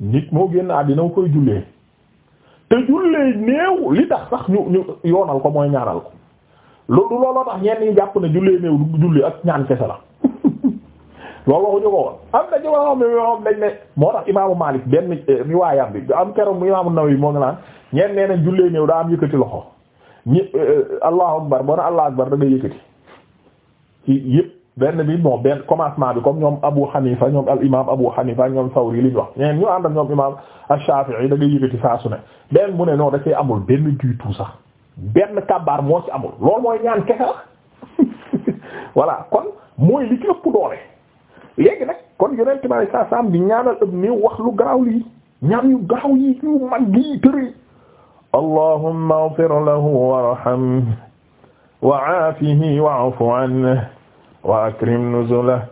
nit moo génn àddina nga koy jullee te jullee néew li tax sax ñu ñu yoonal ko mooy ñaanal ko loolu looloo tax ñenn ñi jàpp ne jullee néew du julli ak ñaan kese la loolu waxuñu ko woon am na ci waxam ne moom moo tax imaamu Maalik benn eh, riwaayam bi am keroog imaamu Nawawi moo ngi naan ñenn nee nañ jullee néew daa am yëkkati loxo ñi eh, eh, Allahu akbar boo na Allahu akbar da ngay yëkkati ci benn bi bon benn commencement bi comme ñoom Abu Hanifa ñoom al imam Abu Hanifa ñoom Sawri li wax ñeen ñu ànd ak ñoom imam Shafi'i da ngay yëkkati saa su ne benn mu ne non da cee amul benn jiitu sax benn kabaar moo ci amul loolu mooy ñaan kese la kon mooy li ci ëpp doole. léegi nag kon yonent ma saa saa am di ñaanal ëpp ni wax lu garaaw lii ñaan yu garaaw yi yu mag yi tëri allahumma ighfir lahu warhamhu wa aafihi wa'fu anhu wa akrim nuzulahu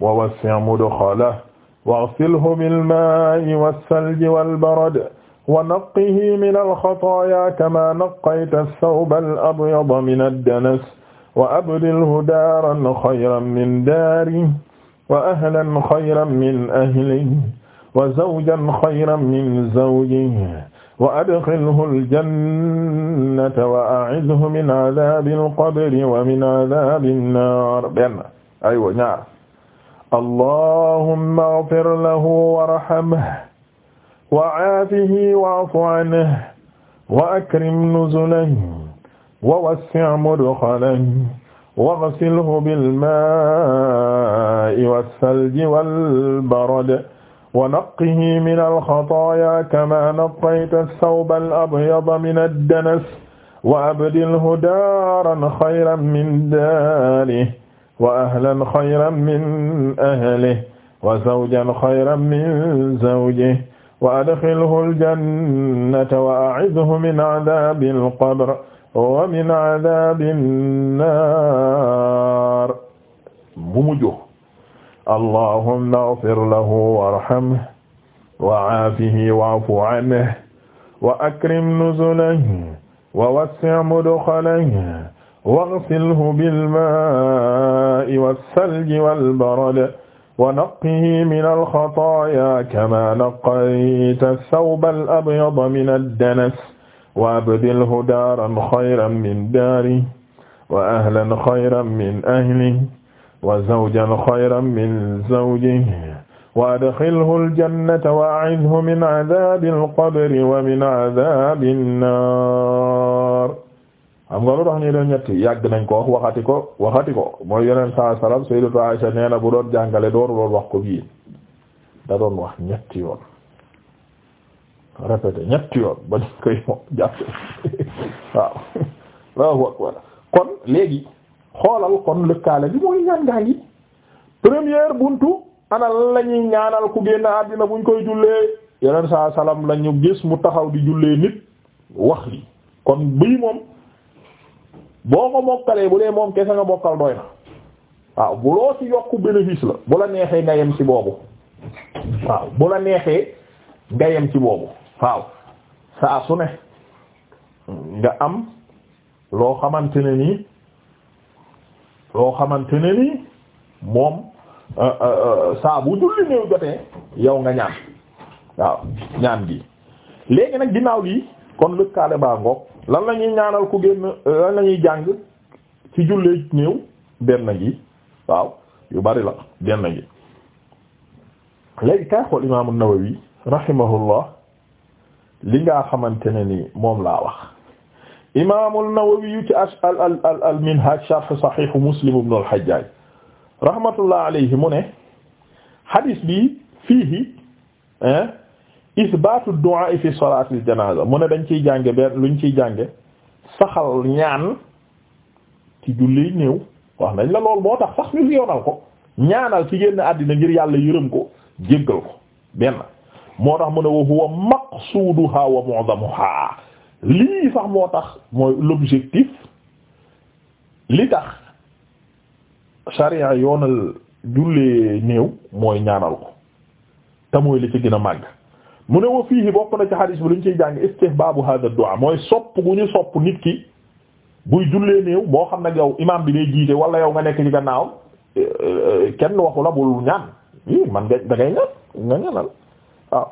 wa wassi' mudkhalahu waghsilhu bil-maa'i was-salji wal-barad wa naqqihi min al-khataayaa kamaa naqqayta ath-thawba al-abyada min ad-danas wa abdilhu daaran khayran min daarihi wa ahlan khayran min ahlihi wa zawjan khayran min zawjihi wa adxilhu aljannata wa a'idhu min adabi alqabri wa min adabi annar benn aywa ñaar allahumma ighfir lahu warhamhu wa aafihi wa'fu anhu wa akrim nuzulahu wa wassi' mudkhalahu waghsilhu bilmaa'i wassalji walbarad wa naqqihi min alxataaya kama naqqayta as-sawba al-abyada min ad-danas wa abdilhu daaran xayran min daarihi wa ahlan xayran min ahlihi wa zawjan xayran min zawjihi wa adxilhu al-jannata wa a'idhu min adaabil qabr wa min adaabin naar bu mujj allahumma ighfir lahu warhamhu wa aafihi wa'fu anhu wa akrim nuzulahu wa wassi' mudkhalahu واغسله بالماء والثلج والبرد ونقه من الخطايا كما نقيت الثوب الأبيض من الدنس وأبدله دارا خيرا من داره وأهلا خيرا من أهله wa zawjan xayran min zawjihi wa adxilhu aljannata wa a'idhu min adaabi alqabri wa min adaabi annaar xam nga lu tax ñu doon ñetti yàgg nañ ko wax waxati ko waxati ko mooy yeneen saa salaam sayyidatu Aisha nee na bu doon jàngale dooru doon wax ko bii da doon wax ñetti yoon répété ñetti yoon ba ñu koy jàpp kon léegi xoolal kon lëkkaale bi mooy ñaan gaa yi première buntu ana la ñuy ñaanal ku génn àddina buñ koy jullee yeneen sa salaam lañu gis mu taxaw di jullee nit wax li kon bii moom boo ko mokkalee bu dee moom kese nga mokkal doy na waaw bu loo ci yokku bénéfice la bu la neexee nga yem ci boobu waaw bu la neexee nga yem ci boobu waaw saa su ne nga am loo xamante ne nii loo xamante ne ni moom euh, euh, euh, saa bu julli néew jotee yow nga ñaan waaw ñaan gi léegi nag ginnaaw lii kon lëkkaale baa ngoog lan la ñuy ñaanal ku génn lan la ñuy jàng ci jullee néew benn gi waaw yu bari la benn gi léegi kay xool imaamu Nawawi rahimahullah li nga xamante ne ni moom laa wax imaam an-Nawawi ci al al al al Minhaj sharh Sahih Muslim ibn al-Hajjaj rahmatullah alayhi mu ne hadith bi fiihi isbaatu du'a fi salaatil janaaza mu ne dañ ciy jànge benn luñ ciy jànge saxal ñaan ci julli néew wax nañ la lool moo tax sax ñu yoonal ko ñaanal ci génn àddina ngir yàlla yërëm ko jéggal ko benn moo tax mu ne wa huwa maqsuuduha wa mu'zamuha lii sax moo tax mooy l'objectif li tax sharia yoonal jullee néew mooy ñaanal ko te li ci gën a màgg mu ne wa fiihi bokk na ci xadis bi lu ñu ciy jàng istihbaabu hada du'a mooy sopp gu ñu sopp nit ki buy jullee néew moo xam nag yow imaam bi day jiite wala yow nga nekk ci gannaaw kenn waxu la bul ñaan man nga da ñaan nga ñaanal waaw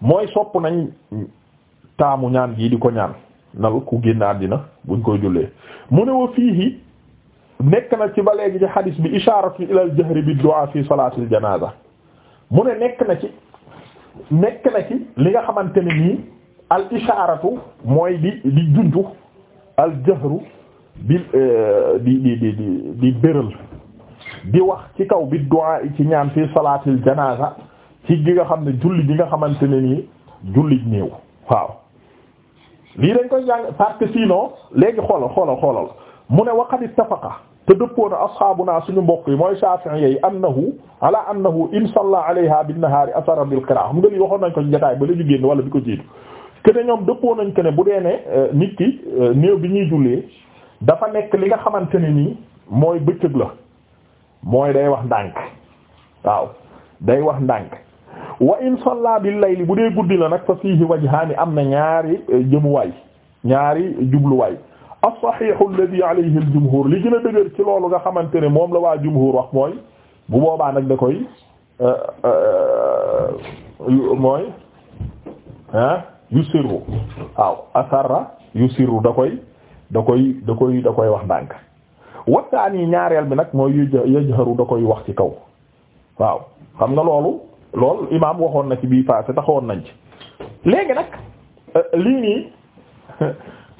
mooy sopp nañ taamu ñaan gii di ko ñaan nal ku génn àddina buñ koy jullee mu ne wa fiihi nekk na ci ba léegi ci xadis bi isharatu ila al jahri bi du'a fi salaatil janaza mu ne nekk na ci nekk na ci li nga xamante ne nii al isharatu mooy di di junju al jahru di eh, di di di di di béral di wax ci kaw bi du'a ci ñaan fi salaatil janaza ci gi nga xam ne julli gi nga xamante ne nii julli néew waaw lii dañ koy jàng parce que léegi xoolal xoolal xoolal mu ne waqad ittafaqa te dëppoona naa suñu mbokk yi mooy Shafi'i yi annahu ala annahu in salla alayha bin nahaari asara bil qira'a xam nga lii waxoon nañ ko ci jotaay ba la ñu génn wala bi ko jiitu que ñoom dëppoo nañ que bu dee ne euh, nit ki euh, néew bi ñuy jullee dafa nekk li nga xamante ne nii mooy bëccëg la mooy day wax ndànk waaw day wax ndànk wa in salla bil layli bu dee guddi la nag fa fiihi wajhaani am na ñaari eh, jëmuwaay ñaari jubluwaay as-sahihu alladhi alayhi al li gën a dëgër ci loolu nga xamante ne moom la waa jumhur wax mooy bu boobaa nag da koy eh, eh, mooy ah yusirru waaw asarra yusirru da koy da koy da koy da koy wax ndànk waxtaan yi ñaareel bi nag mooy yajharu da koy wax ci kaw waaw xam nga loolu lool imaam waxoon na ci bii passé taxoon nañ ci léegi nag euh, lii nii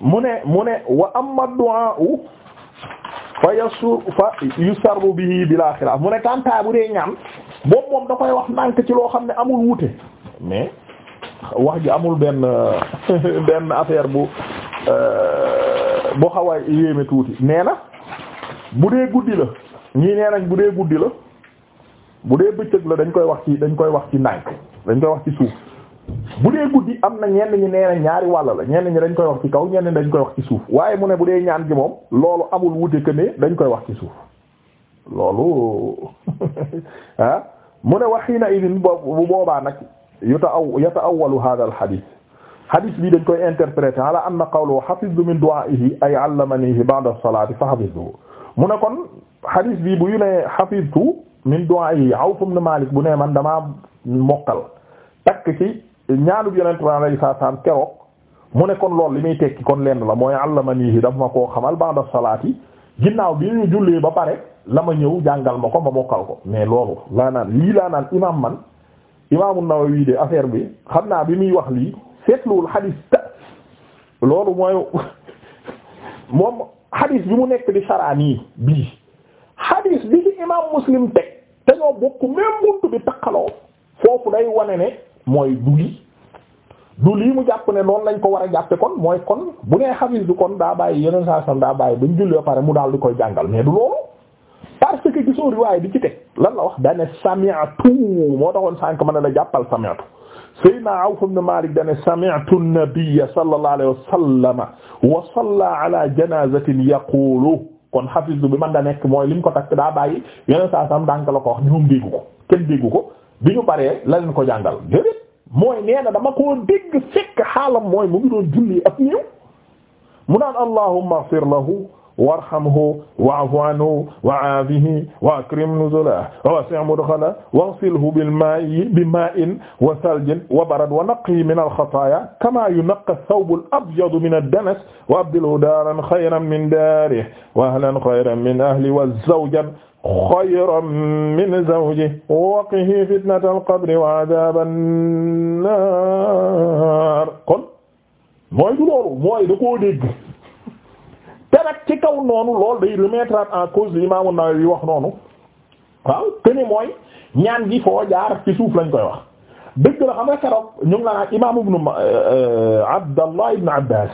mu ne mu ne wa amma du'a fa yasur fa yusarru bihi bila xilaaf mu ne kantaa bu dee ñaan boobu moom da koy wax ndànk ci loo xam ne amul wute mais wax ji amul benn benn affaire bu euh, bu xaw a yéeme tuuti nee na bu dee guddi la ñii nee nañ bu dee guddi la bu dee bëccëg la dañ koy wax ci dañ koy wax ci nànk dañ koy wax ci suuf bu dee guddi am na ñenn ñi nee ñaari wàll la ñenn ñi dañ koy wax ci kaw ñenn ñi dañ koy wax ci suuf waaye mu ne bu dee ñaan gi moom loolu amul wute que dañ koy wax ci suuf loolu ah mu ne wax yi na idin bu boobaa nag yu yuta aw yata awalu hadha al hadith hadith bii dañ koy interpréter ala anna qawlu hafiztu min du'a'ihi ay allamanihi ba'da as-salati fa hafiztuhu mu ne kon hadith bi bu yu ne hafiztu min du'a yi Awf ibn Malik bu nee man damaa mokkal takk ci ñaanub yonent bi alayhi salaam keroog mu ne kon lool li may tekki kon lenn la mooy allamanihi dafa ma koo xamal baax ba'da salaati ginnaaw bi ñu jullee ba pare la ma ñëw jàngal ma ko ma mokkal ko mais loolu laa naan lii laa naan imaam man imaam an wii de affaire bi xam naa bi muy wax lii seetluwul xadiis ta loolu mooy moom xadiis bi mu nekk di saraan bii hadis bi ci imam muslim teg te ñoo bokk même buntu bi takkaloo foofu day wane ne mooy duli du lii mu jàpp ne noonu lañ ko war a jàppe kon mooy kon bu nee xafiis bi kon daa bàyyi yeneen saa son daa bàyyi ba ñu julli pare mu daal di koy jàngal mais du loolu parce que gisoo riwaay bi ci teg lan wax dane sami'tu moo taxoon sànk mën ne la jàppal sami'tu sayyidina Awf ibn Malik dane sami'tu an-nabiyya sallallahu alayhi wa sallama wa salla ala janazatin yaqulu kon xafisu bi mën da nekk mooy lim ko takk daa bàyyi yeneen saa saa dànk la ko wax ñoom déggu ko kenn déggu ko bi ñu baree la leen ko jàngal déedéet mooy nee na dama koo dégg fekk xaalam mooy mu ngi doon julli ak néew mu naan allahumma ighfir lahu warhamhu wa'fu anhu wa'aafihi wa akrim nuzulahu wasi' mudkhalahu waghsilhu bil maa'i bi maa'in wa saljin wa barad wa naqqihi min al-khataaya kamaa yunqqa ath-thawbu al-abyadu min ad-danas wa abdilhu daaran khayran min daarihi wa ahlan khayran min ahlihi wa zawjan xayran min zawjihi wa qihi fitnatal qabri wa azaaban naar kon mooy du loolu mooy da koo dégg te nag ci kaw noonu loolu day remettre en cause li Imam An-Nawawi wax noonu waaw te ni mooy ñaan gi foo jaar ci suuf lañ koy wax dëgg la xam nga keroog ñu ngi la naan Imam Ibn euh, Abdallah Ibn Abbas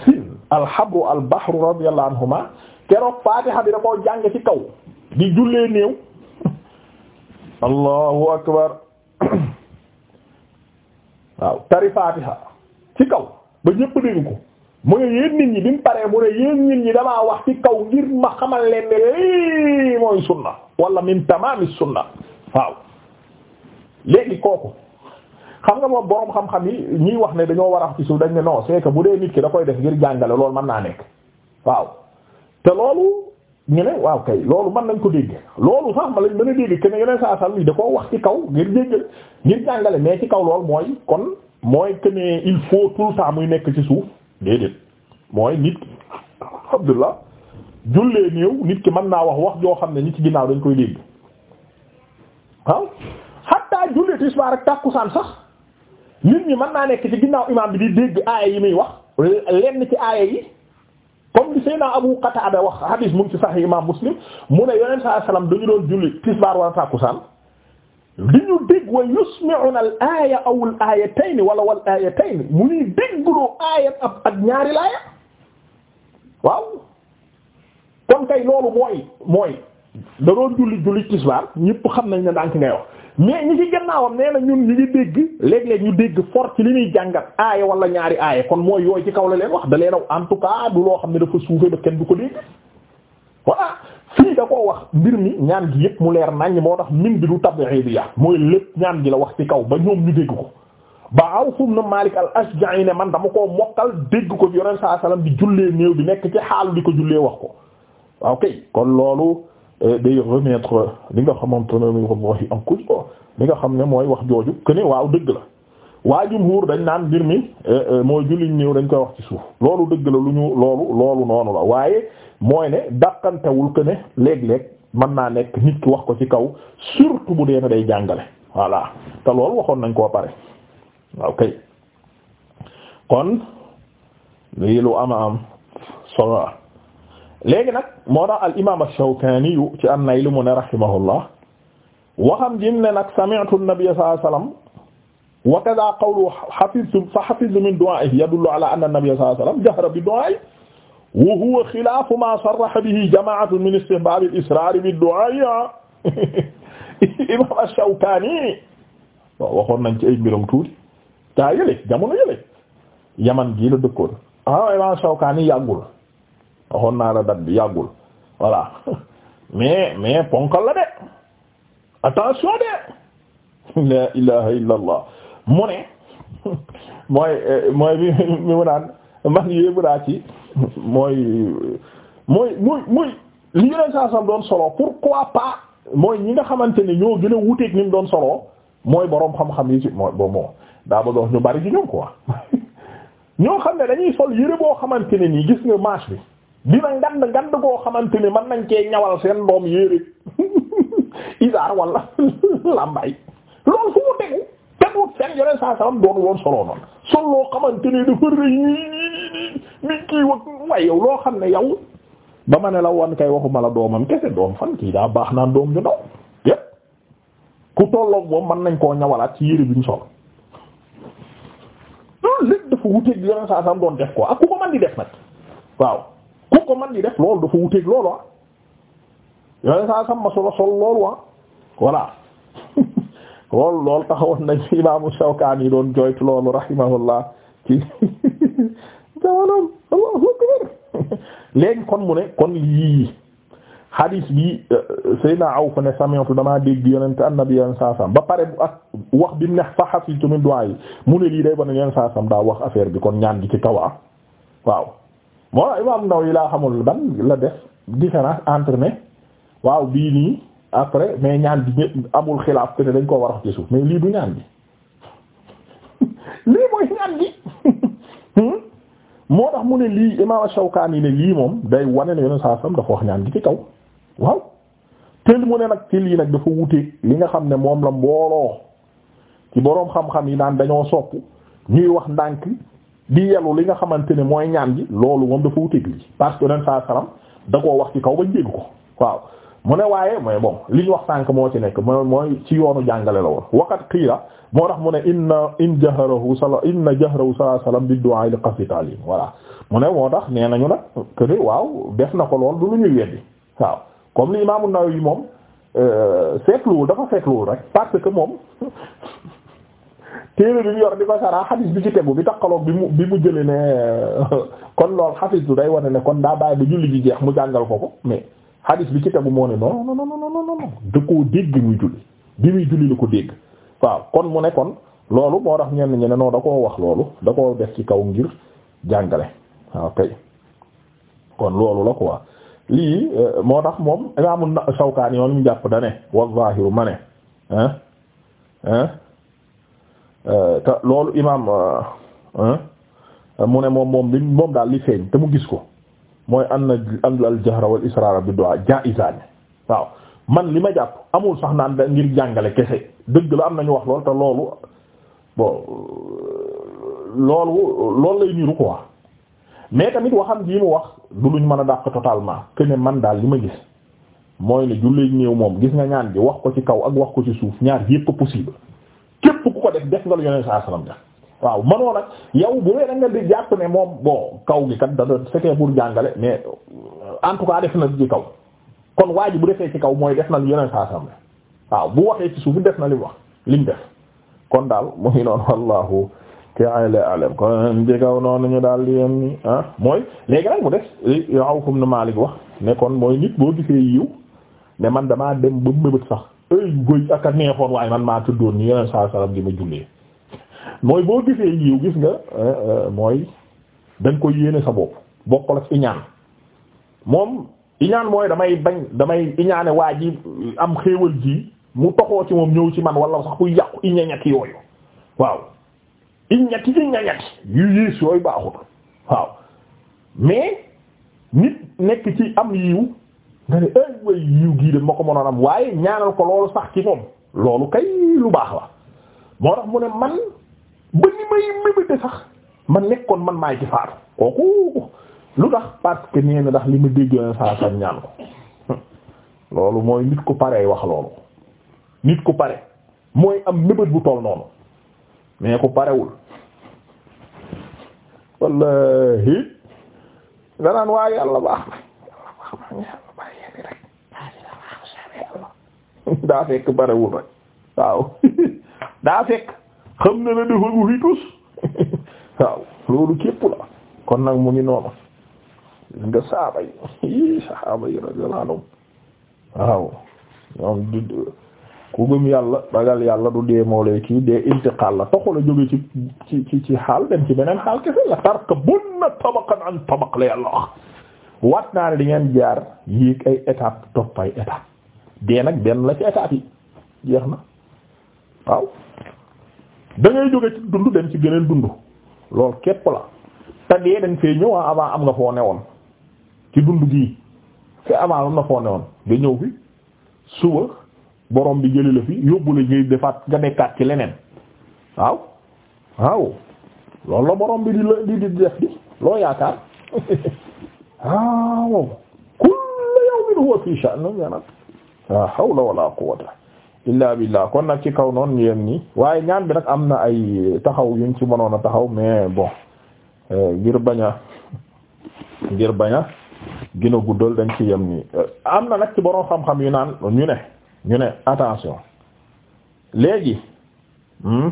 al-habru al-bahru anhuma keroog Fatiha bi da jàng ci kaw di jullee néew allahu akbar waaw tari Fatiha ci kaw ba ñépp dégg ko mu ne yéen nit ñi di mu paree mu ne yéen nit ñi damaa wax ci kaw ngir ma xamal leen ne lii mooy sunna wala min tamaami sunna waaw léegi kooku xam nga moom boroom xam-xam yi ñuy wax ne dañoo war a wax ci suuf dañ ne non c'est bu dee nit ki da koy def ngir jàngale loolu mën naa nekk waaw te loolu ñu ne waaw kay loolu mën nañ ko dégg loolu sax ma lañ mën a dégg que ne yeneen saa sal yi da koo wax ci kaw ngir jéggal ngir jàngale mais ci kaw loolu mooy kon mooy que ne muy nekk ci suuf déedéet mooy nit Abdullah jullee néew nit ki man naa wax wax joo xam ne ñi ci ginnaaw dañ koy dégg waaw xatta jullee tisbaar ak tàkkusaan sax nit ñi man naa nekk ci ginnaaw imaam bi di dégg aaya yi muy wax lenn ci aaya yi comme li Seydina Abu Qatada wax hadis mu ngi ci Sahih imaam Muslim mu ne yonent sallallahu alayhi dañu doon julli tisbaar wala tàkkusaan di ñu dégg wa yusmi'una al awul aw al aayatayn wala wal aayatayn mu ñuy déggloo aaya ab ak ñaari laaya waaw kon kay loolu mooy mooy da doon julli julli tisbaar ñëpp xam nañ ne ndànk ngay wax mais ñi ci gannaawam nee na ñun ñu ngi dégg léeg-léeg ñu dégg fort ci li ñuy jàngat aaya wala ñaari aaya kon mooy yooyu ci kaw la leen wax da leen aw en tout cas du loo xam ne dafa suufe ba kenn du ko dégg voilà fii da koo wax mbir mi ñaan gi yëpp mu leer naññ moo tax min bi du tabi'i bi yàq mooy lépp ñaan gi la wax ci kaw ba ñoom ñu dégg ko ba aw fum na Malik al-Ashja'i ne man dama koo mokkal dégg ko bi yoneen saa salaam di jullee néew di nekk ci xaalu di ko jullee wax ko ok kon loolu eh, day remettre li nga xamante ne mooy li nga xam ne mooy wax jooju que waaw dégg la. waa jumhuur dañ naan mbir mi eh, eh, mooy julliñ néew dañ koy wax ci suuf loolu dëgg la lu ñu loolu loolu noonu la waaye mooy ne dàqantewul que ne léeg-léeg mën naa nekk nit ki wax ko ci kaw surtout bu dee ne day jàngale voilà te lool waxoon nañ koo pare waaw kay kon lu ama am solo léegi nag moo tax al imaam ash-Shawkaani yu ci an-Nayl mu ne rahimahullah waxam jim ne nag sami'tu an-nabiy sallallahu alayhi wa kaza qawlu hafiztum fa hafizu min du'a'ihi yadullu ala anna an-nabiyya sallallahu alayhi wa sallam jahara bi du'a'ihi wa huwa xilaafu maa sarraha bihi jamaa'atun min istihbaab al-israar bi du'aa'i imaam ash-Shawkaani waaw waxoon nañ ci ay mbiram tuuti taa yële jamono yële yaman gii la dëkkoon ah imaam ash-Shawkaani yàggul waxoon naa la dat bi yàggul voilà mais mais ponkal la de attention de la ilaha illa allah mu ne mooy eh, mooy bi mi mu naan man yéemu naa ci mooy mooy muy muy li yeneen saa sam doon solo pourquoi pas mooy ñi nga xamante ne ñoo gën a wuteeg ni mu doon solo mooy boroom xam-xam yi ci mooy bo moo daa bëgg ñu bari ci ko wax ñoo xam ne dañuy sol yére boo xamante ne nii gis nga manche bi dina ngand ngand goo xamante ni mën nañ cee ñawal seen doom yére isaar wala lambay loolu fu mu wut seen yeneen saa salaam doon woon solo noonu sol loo xamante ni dafa rëy nii nii nii nii kii wax waaye yow loo xam ne yow ba ma ne la wan kay waxuma la doomam kese doom fan kii daa baax naan doom ju ndaw yépp ku tolloog moom mën nañ koo ñawalaat ci yére bi mu sol loolu lépp dafa wuteeg doon def ko ak ku ko di def nag waaw ku ko loolu dafa wuteeg ah. saa salaam ma solo sol loolu ah voilà. loolu loolu taxawoon nañ imaamu Shawkaani yi doon joytu loolu rahimahullah ci jamonoom Allahu kon mu ne kon lii hadis bi euh, aw Awf ne sami'tu damaa dégg yonent annabi yonent saa ba pare bu ak wax bi mu ne fa hafitu min mu ne lii day bana yonent saa daa wax affaire bi kon ñaan gi ci kaw ah, waaw moo imam Nawawi laa xamul ban la def différence entre ne waaw bii nii après mais ñaan bi ñëpp amul xilaaf que ne dañ koo war a wax ci mais lii du ñaan bi lii mooy ñaan bi moo tax mu ne lii imaam Shawkaani ne lii moom day wane ne yeneen saa sam dafa wax ñaan gi ci kaw waaw teel mu ne nag ci lii nag dafa wuteeg li nga xam ne moom la mbooloo ci boroom xam-xam yi daan dañoo sopp ñuy wax ndànk di yelu li nga xamante ne mooy ñaan bi loolu moom dafa wuteeg lii parce que saa salam da koo wax ci kaw ba njëg ko waaw. mu ne waaye mooy bon li ñu wax sànk moo ci nekk mooy mooy ci yoonu jàngale la woon waqat xiira moo tax mu ne inna in jaharahu sala inna jahrahu sallallahu alayhi wasallam bi du'a li qasdi ta'lim voilà mu ne moo tax nee nañu nag que waaw def na ko lool du lu ñuy weddi waaw comme li imaamu Nawawi moom euh, seetluwul dafa seetluwul rek parce que moom téere bi mu yor di ko saraa bi ci bi takkaloog bi mu jëlee ne euh, kon lool xafis du day wane ne kon daa bàyyi ba julli ji jeex mu jàngal ko ko mais hadis bi ci tegu moo ne non non non non non da koo dégg muy julli bi muy julli la ko dégg waaw kon mu ne kon loolu moo tax ñenn ñi ne non da koo wax loolu da koo def ci kaw ngir jàngale waaw kay kon loolu la quoi lii euh, moo tax moom imaamu Shawkaani yoon mu jàpp da ne wa zaahiru ma ne ah ah te loolu imaam euh, mu ne moom moom li moom daal li feeñ te mu gis ko. mooy an an al jahra wal israra bi du'a jaizan waaw man li ma jàpp amul sax naan da ngir jàngale kese dëgg la am na nañu wax lool te loolu bon loolu loolu lay niru quoi mais tamit waxam jii mu wax du luñ mën a dàq totalement que man daal li ma gis mooy ne jullit néew moom gis nga ñaan bi wax ko ci kaw ak wax ko ci suuf ñaar yépp possible képp ku ko def def nga lu yoneen saa salaam def waaw mënoo nag yow bu wee da nga di jàpp ne moom boo kaw gi kat da doon c'était pour jàngale mais euh, en tout cas def nag ci kaw kon waa ji bu defee ci kaw mooy def na lu yeneen saa sam waaw bu def na li wax li mu def kon daal mu ngi noonu wallahu ta'ala a'lam kon ci kaw noonu ñu daal di yem ah mooy léegi nag mu def yow comme ni Malik wax ne kon mooy nit boo gisee yiw ne man damaa dem ba mébét sax ay goy ak a neexoon waaye man maa tuddoon ni yeneen saa salam di ma jullee mooy boo gisee yiw gis nga euh, euh, mooy dañ nga koy yéene sa bopp bokkul ak iñaan moom iñaan mooy damay bañ damay iñaane waa ji am xéewal ji mu toxoo ci moom ñëw ci man wala sax bu yàqu iñañati yooyu waaw iñati iñañati yu yées yooyu baaxut waaw mais nit nekk ci am yiw nga ne ay way yiw gii de ma ko mënoon am waaye ñaanal ko loolu sax ci moom loolu kay lu baax la moo tax mu ne man ba ni may mébéte sax ma nekkoon man maay ci faatu kooku lu tax parce que nee na ndax li ma dégg saa saa ñaan ko loolu mooy nit ku paree wax loolu nit ku pare mooy am mébét bu toll noonu mais ku parewul wallahi nga naan waa baax na yàlla baax daa fekk parewul rek waaw daa fekk xam ne ne dafa wuti tus waaw loolu képp la kon nag mu ngi noonu gis nga saaba yi saaba yi radiyallahu anhum waaw ñoom du ku gëm yàlla ragal yàlla du dee moo lay kii dee intiqaal la toxu la jóge ci ci ci ci xaal dem ci beneen xaal kese la tarkabunna tabaqan an tabaq la yàlla wax waat naa di ngeen jaar yéeg ay étape topp ay étape dee nag benn la ci étape yi jeex na waaw da ngay jóge ci dund dem ci geneen dund loolu képp la te dee dañ fee ñëw ah, avant am nga foo newoon ci dund gii fi avant am na foo newoon nga ñëw fi suba borom bi jëli la fi yóbbu la ngay defaat nga nekkaat ci leneen waaw waaw loolu la borom bi di la di def di loo yaakaar waaw ah, kullu yawmin huwa fi sha'n nag yaa hawla wala quwwata illaa billah kon nag ci kaw noonu yem nii waaye ñaan bi nag am na ay taxaw yuñ ci mënoon a taxaw mais bon euh, ngir baña a ngir bañ a gën guddal dañ ci yem nii euh, am na nag ci borom xam-xam yu naan ñu ne ñu ne attention léegi hmm,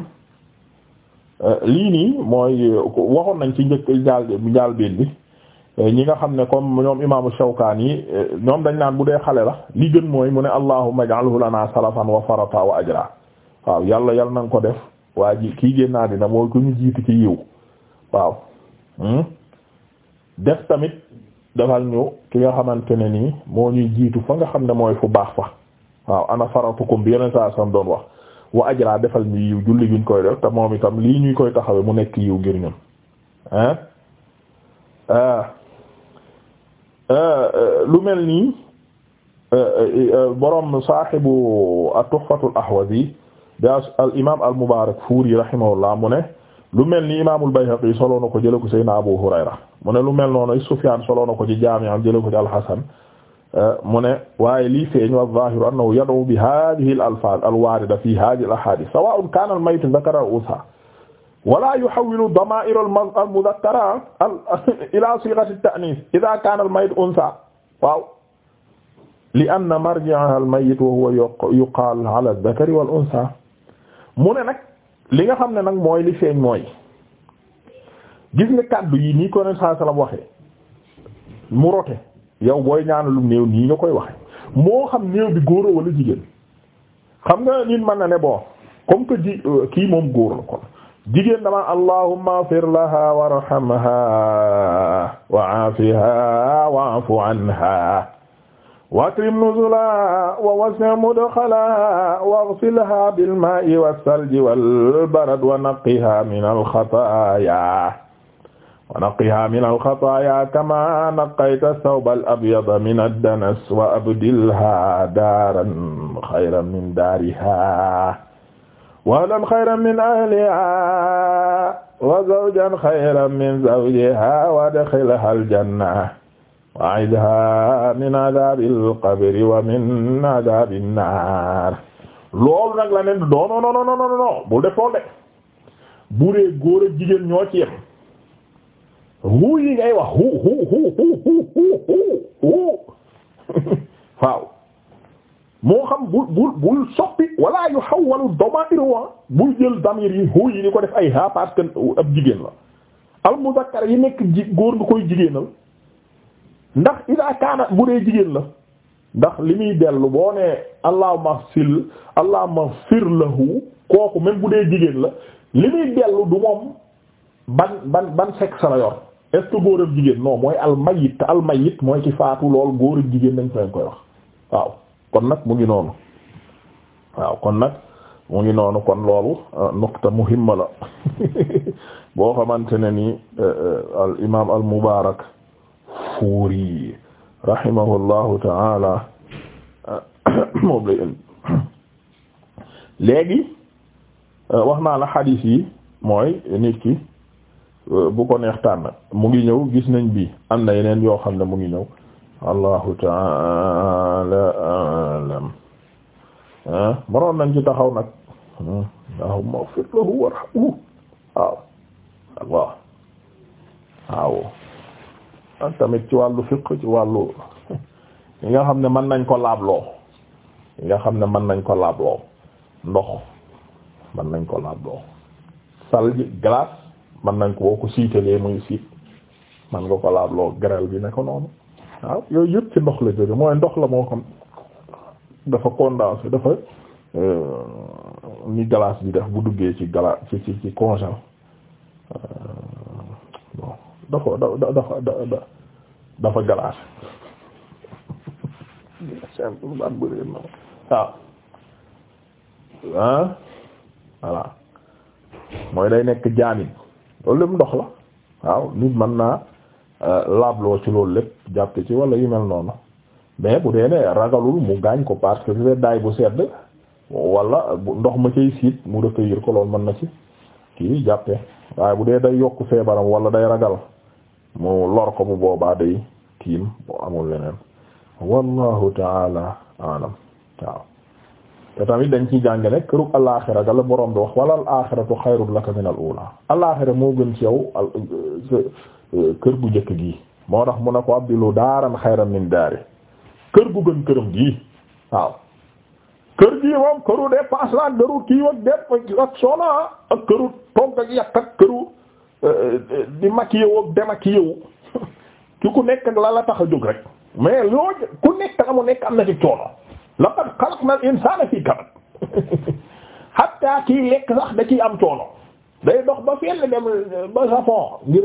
euh, lii nii mooy waxoon nañ ci njëkk njaal njaal biin bi Euh, ñi nga xam ne comme ñoom imaamu Shawkaani yi euh, ñoom dañ naan bu dee xale la li gën mooy mu ne allahumma ij'alhu lana salafan wa farata wa ajra waaw yàlla yàlla na nga ko def waa ji kii génn naa dina mooy ku ñu jiitu ci yiw waaw hmm? def tamit defal ñu ki nga xamante ne nii moo ñuy jiitu fa nga xam ne mooy fu baax fa waaw ana faratukum bi yeneen saa sam doon wax wa ajra defal ñu yiw julli guñ koy def te moom itam lii ñuy koy taxawee mu nekk yiw ngir ñun ah Euh, euh, lu mel nii euh, borom saaxibu at-Tuhfatul Ahwazi da al imaam al Mubaarakfuuri rahimahullah mu ne lu mel ni imaamul Bayhaqi solo na ko jëlee ko Seydina Abu Hurayra mu ne lu mel noonu Sufyaan solo na ko ci Jaami' jëlee ko ci al-Hasan mu ne waaye lii feeñ wa zaahiru annahu yad'u bi haadhihi al-alfaaz al-waarida fi haadhihi al-ahaadiis sawaa'un kaana al-mayitu dhakaran aw unsaa wala yuhawwilu damaa'ir al-mudhakkara ila sighati at-ta'niis idha kaana al-mayyit unthaa waaw li anna marji'aha al-mayyit wa huwa yuqaal ala adh-dhakari wal-unthaa mu ne nag li nga xam ne nag mooy li feeñ mooy gis nga kàddu yi nii ko ne saa salaam mu rote yow booy ñaanalum néew nii nga koy waxee moo xam néew bi góor wala jigéen xam nga nit mën na ne bon comme que ji euh, kii moom góor la kon jigéen dama allahumma fir laha warhamha wa aafiha wa afu anha wa akrim nuzulaha wa wasi' mudkhalaha wa ighsilha bil ma'i was-salji wal barad wa naqqiha min al-khataaya wa naqqiha min al-khataaya kama naqqayta ath-thawba al-abyada min ad-danas wa abdilha daaran khayran min daariha wahlan xayran min ahliha wa zawjan xayran min zawjiha wadxilha aljanna wa idha min adabil qabri wa min adabin naar loolu nag la ne non non non non non bul def loolu de bu dee góor ak jigéen ñoo ci yem hu yi ngay wax hu hu hu hu hu hu waaw moo xam bul bul bul soppi wala yu xawwalu damair wa bul jël damir yi hu yi ni ko def ay ha parce que ab jigéen la al muzakkar yi nekk ji góor nga koy jigéenal ndax ida bu dee jigéen la ndax li muy dellu boo nee fil sil allahumma la lahu kooku même bu dee jigéen la li muy dellu du moom ban ban ban sexe la yor est ce que góor ak jigéen non mooy al mayit al mooy ci faatu lool góor ak jigéen dañ koy koy wax waaw kon nag mu ngi noonu waaw kon nag mu ngi noonu kon loolu euh, nuqta muhimma la boo xamante ne ni euh, euh, al imaam al mubaarak fuuri rahimahullahu taala moom léegi wax naa la xadiis yi mooy nit ki bu ko neex tànn mu ngi ñëw gis nañ bi am na yeneen yoo xam ne mu ngi ñëw allahu taala alam mënoon ah, nañ ci taxaw nag allahumma ighfir lahu warhamhu waaw waaw waaw ah, tamit ci wàllu fiqh ci wàllu yi nga xam ne mën nañ ko laabloo yi nga xam ne mën nañ ko laabloo ndox mën nañ ko laabloo salji glace mën nañ ko boo ko siitalee muy siit mën nga ko laabloo grêle bi ne ko noonu waaw yooyu yëpp ci ndox la jóge mooy ndox la moo xam dafa condensé dafa euh, ni glace bi def bu duggee ci glace ci ci ci congèle euh, bon dafa da dafa dafa glace waaw ah voilà mooy day nekk jaamin loolu lépp ndox la waaw nit mën naa Euh, laabloo ci loolu lépp jàppe ci wala yu mel noonu mais bu dee ne ragalul mu gaañ ko parce que bu daay bu sedd wala ndox ma cay siit mu recueillir ko loolu mën na ci kii jàppee waaye bu dee day yokk feebaram walla day ragal mu lor ko bu boobaa day tiim bu amul leneen wallahu taala alam waaw te tamit dañ ciy jàngale këru alaaxira ga la borom bi wax wala alaaxiratu xayrun laka min al uula alaaxira moo gën ci yow euh, euh, kër gu njëkk gi moo tax mu ne ko abdilu daaran xayran min daari kër gu gën këram gi waaw kër gi moom këru dépense la ak këru kii ak dépp ak soona ak këru togg ak yàq këru euh, di maquillé wu ak démaquillé wu ku nekk la la tax a jóg rek mais loo ku nekk la mu nekk am na ci coono. laqad xalaqnal insaana fii kabad hatta kii lekk sax da ciy am coono day dox ba fenn dem euh, ba Japon ngir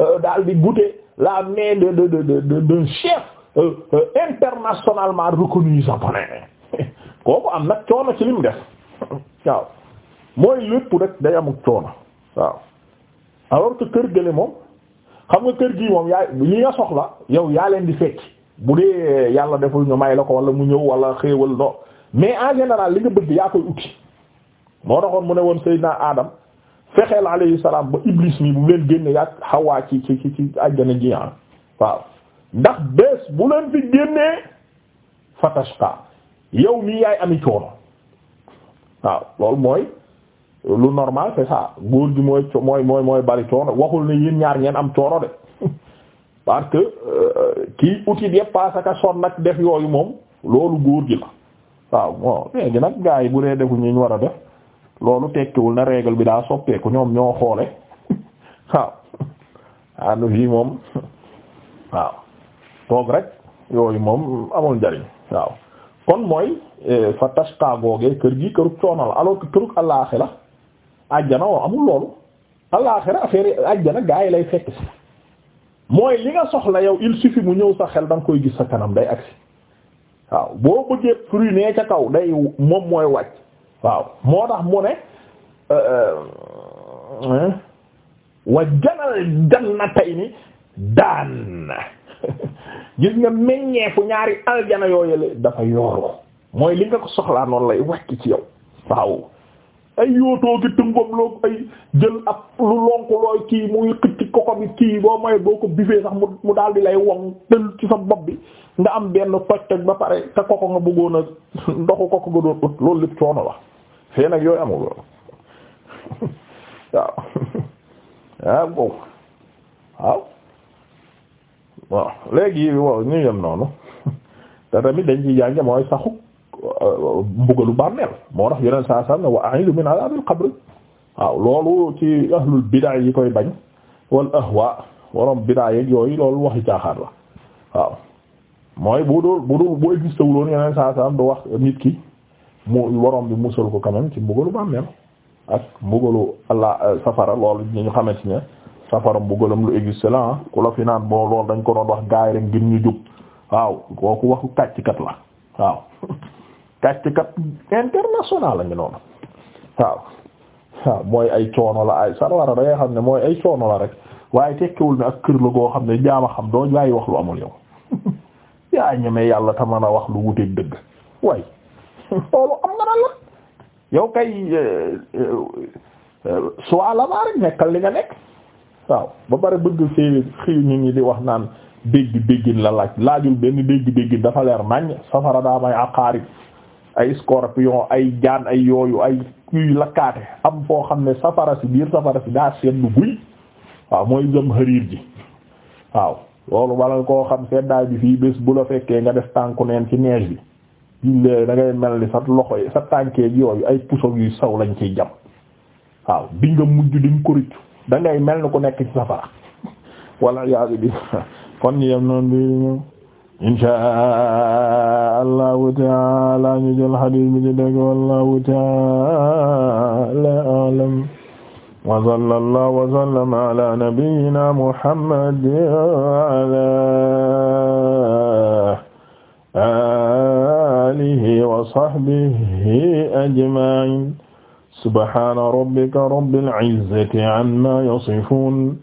euh, daal di goûter la main de de de de d'un chef euh, internationalement reconnu japonais kooku am nag coono ci lim def waaw mooy lépp rek day amuk coono waaw alors que kër gële moom xam nga kër gii moom yaa li nga soxla yow yaa leen di fekki. bu dee yàlla deful ñu may la ko wala mu ñëw wala xéewal no mais en général li nga bëgg yaa koy uti moo taxoon mu ne woon Seydina Adam fexeel alayhi salaam ba Iblis mi bu leen génne yaa Hawa ci ci ci ci àjjana ji ah. waaw ndax bés bu leen fi génnee fatashqa yow mii yaay ami coono waaw loolu mooy lu normal c'est ça góor gi mooy mooy mooy mooy bari coono waxul ne yéen ñaar ngeen am coono de. parce que euh, kii outil yëpp paasaka son nag def yooyu moom loolu góor gi la waaw bon léegi nag gars yi bu dee defu ñu war a def loolu tekkiwul na règle bi daa soppeeku ñoom ñoo xoole waaw ànd fii moom waaw toog rek yooyu moom amul njariñ waaw kon mooy euh, fa tashqa googee kër gi kërug coono la alors que kërug àllaaxira àjjana woo amul loolu àllaaxira affaire àjjana gars yi lay fekk si mooy li nga soxla yow il suffit mu ñëw sa xel da koy gis sa kanam day agsi waaw boo bëggee fruit nee ca kaw day moom mooy wàcc waaw moo tax mu ne euh, euh, wa janal jannatayni daan gis nga meññeefu ñaari aljana yooyele dafa yooru mooy li nga ko soxlaa noonu lay wàcc ci yow waaw ay yootoo ki tëngam loo ay jël ak lu lonk kii muy xëcc koko bi kii boo mooy boo ko bifee sax mu mu daal di lay won tël ci sa bopp bi nga am benn toj toj ba pare te koko nga bëggoon a ndoxu koko nga doon ut loolu lépp coono la fee nag yooyu amul loolu waaw waaw léegi waaw ñu yem noonu te tamit dañ ci jànge mooy saxu mbugalu bàmmeel moo tax yeneen saa saam ne wa a'idu min adaabil qabr waaw loolu ci ahlul bidaa yi koy bañ wal ahwa waroom bidaa yeeg yooyu loolu waxi caaxaan la waaw mooy bu dul bu dul bu yeneen saa saam du wax nit ki mu waroom bi musal ko quand même ci mbugalu bàmmeel ak mbugalu allah euh, safara loolu ñu xamante ne safara mbugalam lu existé la ku la fi naan boo loolu dañ ko doon wax gaay rek ngir ñu jub waaw kooku waxu kàcc kat la waaw kàcckat international la ngi noonu waaw waaw mooy ay coono la ay sarwara da xam ne mooy ay coono la rek waaye tekkiwul ne ak kër la goo xam ne jaama xam doo waaye wax lu amul yow yaa ñeme yàlla te mën a wax lu wuteeg dëgg way loolu am nga na la yow kay eh, eh, eh, soit la maa nekkal li nga nekk waaw ba pare bëgg fee xiir nit ñi di wax naan dégg déggin la laaj laajul benn dégg déggin dafa leer nañ safara daa may aqaarib ay scorpion ay jaan ay yooyu ay kuy lakkaate am foo xam ne safara si biir safara si daa seetlu guy waaw mooy jëm hariir ji waaw loolu bala koo xam seddaay bi fii bés bu la fekkee nga def tànku neen ci neige bi jullee da mel ni sa loxo yi sa tànkee yooyu ay puso yu saw lañ ciy jam waaw di nga mujj di ko rëccu da mel ni ku nekk ci safara walla yaa bi kon yem noonu bi inshaa allahu taala ñu jël xadiis bi ci dégg wallahu taala a'lam wa sallallahu wa sallama ala nabiyyina muhammad wa ala alihi wa sahbihi ajma'in subhana rabbika rabbil izzati amma yasifun